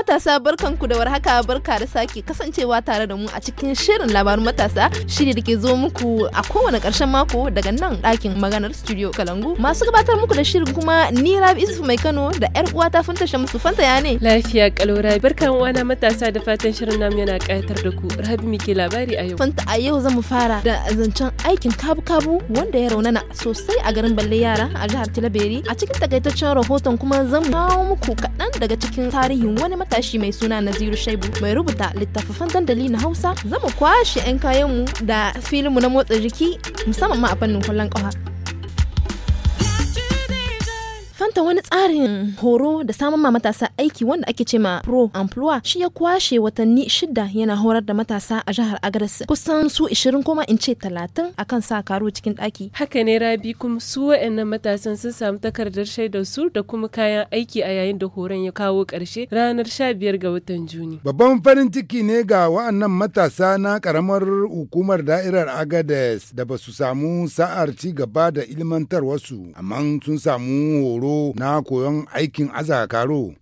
matasa ku da warhaka barka da sake kasancewa tare da mu a cikin shirin labarin matasa shiri da ke zo muku a kowane karshen mako daga nan ɗakin maganar studio Kalangu. Masu gabatar muku da shirin kuma ni Rabi Isuf mai Kano da yar uwa ta musu musu Fanta ya ne. Lafiya kalora barkan wana matasa da fatan shirin namu yana ƙayatar da ku. Rabi muke labari a yau. Fanta a yau zamu fara da zancen aikin kabu-kabu wanda ya raunana sosai a garin balle yara a jihar Tilaberi a cikin takaitaccen rahoton kuma zan kawo muku kaɗan daga cikin tarihin wani matashi mai suna Naziru Shaibu mai rubuta littafafan dandali na Hausa zamu kwashe 'yan kayanmu da filinmu na motsa jiki musamman ma a fannin kwallon kafa. Fanta wani tsarin mm. horo da samun ma matasa aiki wanda ake ce ma pro emploi shi ya kwashe watanni shida yana horar da matasa a jihar Agadas kusan su 20 koma in ce 30 akan sa karo cikin daki. Haka ne Rabi kuma su wa'annan matasan sun samu takardar shaidar su da kuma kayan aiki a yayin da horon ya kawo karshe ranar 15 ga watan Juni. Babban farin ciki ne ga wa'annan matasa na karamar hukumar da'irar Agades da ba su samu sa'ar ci gaba da su amma sun samu horo horo na koyon aikin aza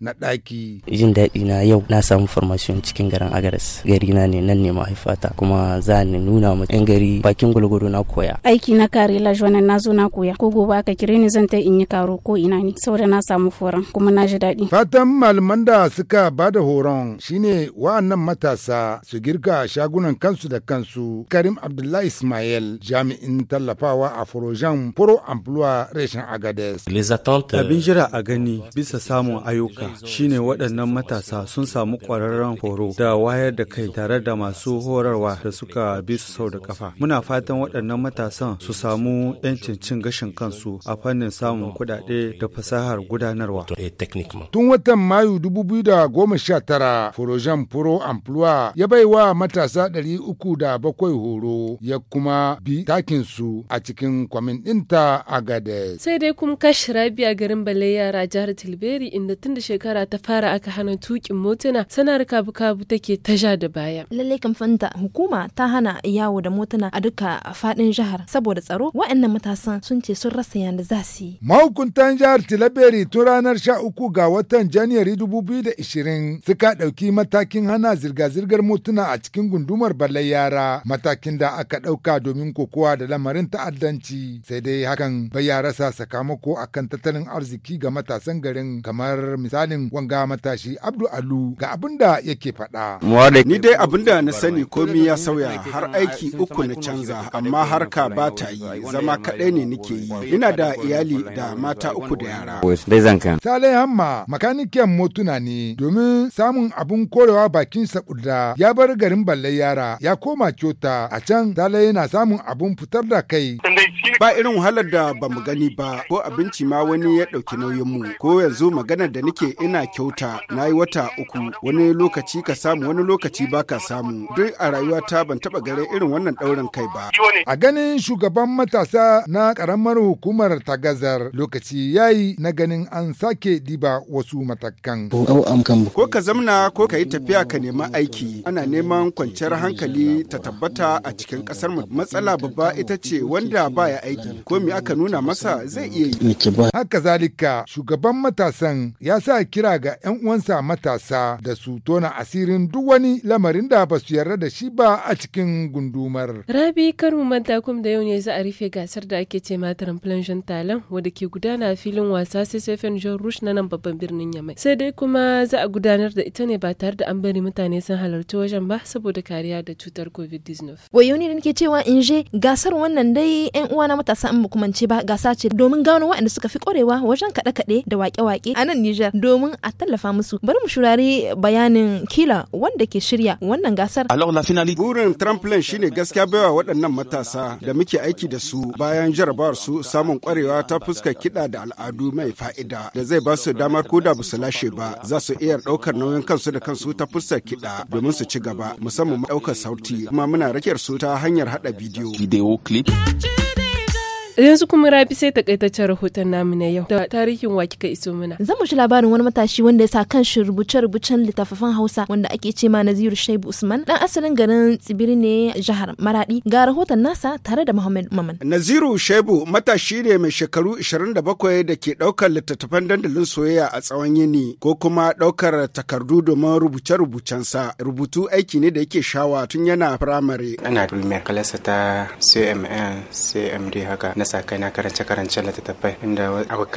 na ɗaki. Jin daɗi na yau na samu formation cikin garin Agares. Gari na ne nan ne mahaifata kuma za ni nuna ma 'yan gari bakin gulgudu na koya. Aiki na kare lajuwanan na zo na koya. Ko gobe aka kire ni zan ta in yi karo ko ina ne saboda na samu foran kuma na ji daɗi. Fatan malaman da suka ba da horon shine wa'annan matasa su girka shagunan kansu da kansu. Karim Abdullahi Ismail jami'in tallafawa a Forojan Foro Amplua reshen Agades. Les attentes Abin jira a gani bisa samun ayyuka shine waɗannan matasa sun samu ƙwararren horo da wayar da kai tare da masu horarwa da suka bi su sau da kafa. Muna fatan waɗannan matasan su samu 'yancin cin gashin kansu a fannin samun kuɗaɗe da fasahar gudanarwa. Tun watan Mayu 2019, forojan pro Amplua ya bai wa matasa 307 horo ya kuma bi takinsu a cikin kwamin ɗinta a gade. Sai dai kuma kashi rabi a garin Baleyara jihar Tilberi inda tun da shekara ta fara aka hana tukin motuna sanar kabu-kabu take ta ja da baya. Lalle fanta hukuma ta hana yawo da motuna a duka faɗin jihar saboda tsaro wa'annan matasan sun ce sun rasa yanda za su yi. Mahukuntan jihar Tilaberi tun ranar sha uku ga watan Janairu dubu biyu da ishirin suka ɗauki matakin hana zirga-zirgar motuna a cikin gundumar Baleyara matakin da aka ɗauka domin kokowa da lamarin ta'addanci sai dai hakan bai ya rasa sakamako akan tattalin arziki ga matasan garin kamar misalin wanga matashi Abdu Alu ga abin da yake faɗa. Ni dai abin da na sani komi ya sauya har aiki uku na canza amma harka ba ta yi zama kaɗai ne nike yi. Ina da iyali da mata uku da yara. Salai Hamma makanikiyan motuna ne domin samun abin korewa bakin sakuda ya bar garin balle yara ya koma kyota a can Salai yana samun abun fitar da kai. ba irin wahalar da ba mu gani ba ko abinci ma wani ya ɗauki nauyin mu ko yanzu magana da nake ina kyauta na yi wata uku wani lokaci ka samu wani lokaci ba ka samu duk a rayuwa ta ban taɓa gare irin wannan ɗaurin kai ba. A ganin shugaban matasa na ƙaramar hukumar tagazar lokaci yayi na ganin an sake diba wasu matakan. Ko ka zamna ko ka yi tafiya ka nemi aiki ana neman kwanciyar hankali ta tabbata a cikin ƙasar matsala babba ita ce wanda ba baya aikin ko aka nuna masa zai iya yi. Haka zalika shugaban matasan ya sa kira ga 'yan uwansa matasa da su tona asirin duk wani lamarin da ba su yarda da shi ba a cikin gundumar. Rabi kar mu manta kum da yau ne za a rufe gasar da ake ce ma Transplantation Talan wadda ke gudana a filin wasa CCFN John Rush na nan babban birnin Yamai. Sai dai kuma za a gudanar da ita ne ba tare da an bari mutane sun halarci wajen ba saboda kariya da cutar COVID-19. Wayo ne da nake cewa in je gasar wannan dai 'yan uwa na matasa in baku mance ba gasa ce domin gano waɗanda suka fi ƙwarewa wajen kaɗe-kaɗe da waƙe-waƙe a nan Nijar domin a tallafa musu. Bari mu shurari bayanin Kila wanda ke shirya wannan gasar. Alors la finale. Burin trampoline shine gaskiya baiwa waɗannan matasa da muke aiki da su bayan jarabawar su samun ƙwarewa ta fuskar kiɗa da al'adu mai fa'ida da zai ba su damar koda ba su lashe ba za su iya ɗaukar nauyin kansu da kansu ta fuskar kiɗa domin su ci gaba musamman ɗaukar sauti kuma muna rakiyar su ta hanyar haɗa bidiyo. Video clip. yanzu kuma rabi sai takaitaccen rahoton namu na yau da tarihin wa kika iso mana zan mu labarin wani matashi wanda ya sa shi rubuce-rubucen littafafan Hausa wanda ake ce ma Naziru Shaibu Usman dan asalin garin Tsibiri ne jihar Maradi ga rahoton nasa tare da Muhammad Maman Naziru Shaibu matashi ne mai shekaru 27 da ke daukar littattafan dandalin soyayya a tsawon yini ko kuma daukar takardu domin rubuce-rubucensa rubutu aiki ne da yake shawa tun yana firamare ana primary kalasa ta CMN CMD haka sa kaina karance karance inda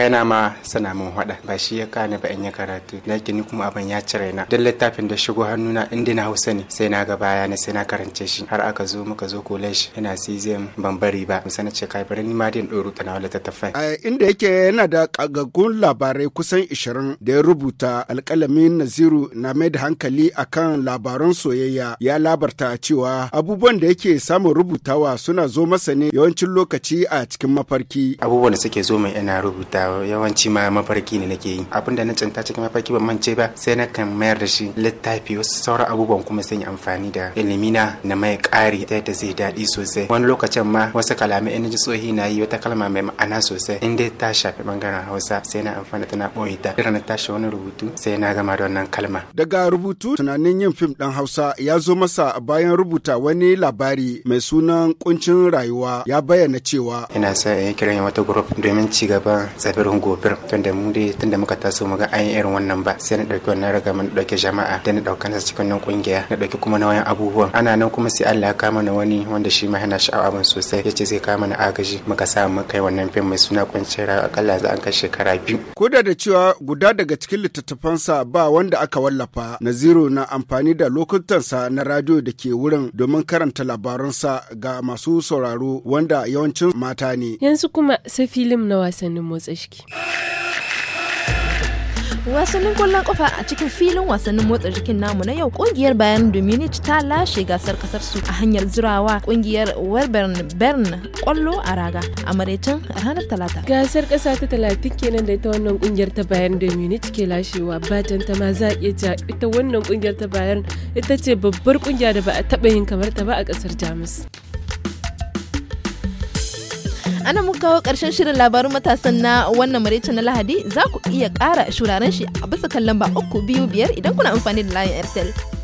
na ma sana min hada ba shi ya kani ba in ya karatu lakin ni kuma abin ya cire na dan littafin da shigo hannuna inda na Hausa ne sai na ga baya na sai na karance shi har aka zo muka zo college ina sizem ban bari ba musan ce kai bari ni ma din doro tana littattafai inda yake yana da kagaggun labarai kusan 20 da ya rubuta alƙalamin Naziru na mai da hankali akan labaran soyayya ya labarta cewa abubuwan da yake samun rubutawa suna zo masa ne yawancin lokaci a cikin cikin mafarki abubuwan da suke zo mai ina rubuta yawanci ma mafarki ne nake yi abin da na canta cikin mafarki ban mance ba sai na kan mayar da shi littafi wasu sauran abubuwan kuma sun yi amfani da ilimina na mai ƙari ta yadda zai daɗi sosai wani lokacin ma wasu kalamai in ji tsohi na yi wata kalma mai ma'ana sosai in dai ta shafi bangaren hausa sai na amfani tana ɓoye ta irin tashi wani rubutu sai na gama da wannan kalma daga rubutu tunanin yin fim ɗan hausa ya zo masa bayan rubuta wani labari mai sunan kuncin rayuwa ya bayyana cewa tana sa in yi kiran wata group domin ci gaba tsibirin gobir tunda mu dai tunda muka taso muga an yi irin wannan ba sai na ɗauki wannan raga mun ɗauki jama'a da na ɗauka na cikin nan kungiya na ɗauki kuma na wayan abubuwan ana nan kuma sai Allah ya kama na wani wanda shi ma yana sha'awa ban sosai yace zai kama na agaji muka sa mu kai wannan fim mai suna kwanciyar akalla za an kai shekara biyu. Ko da da cewa guda daga cikin littattafansa ba wanda aka wallafa Naziru na amfani da lokutansa na radio da ke wurin domin karanta labaransa ga masu sauraro wanda yawancin mata ne. Yanzu kuma sai filim na wasannin motsa jiki. wasannin kwallon kafa a cikin filin wasannin motsa jikin namu na yau kungiyar bayan dominic ta lashe gasar kasar su a hanyar zurawa kungiyar warbern bern kwallo a raga a maraicin ranar talata gasar kasa ta talatin kenan da ita wannan kungiyar ta bayan dominic ke lashewa batan ta ma za a iya ita wannan kungiyar ta bayan ita ce babbar kungiya da ba a taba yin kamar ta ba a kasar jamus ana muka kawo ƙarshen shirin labarin matasan na wannan maraicin na lahadi za ku iya ƙara shuraren shi a bisa kallon ba uku biyu biyar idan kuna amfani da layin airtel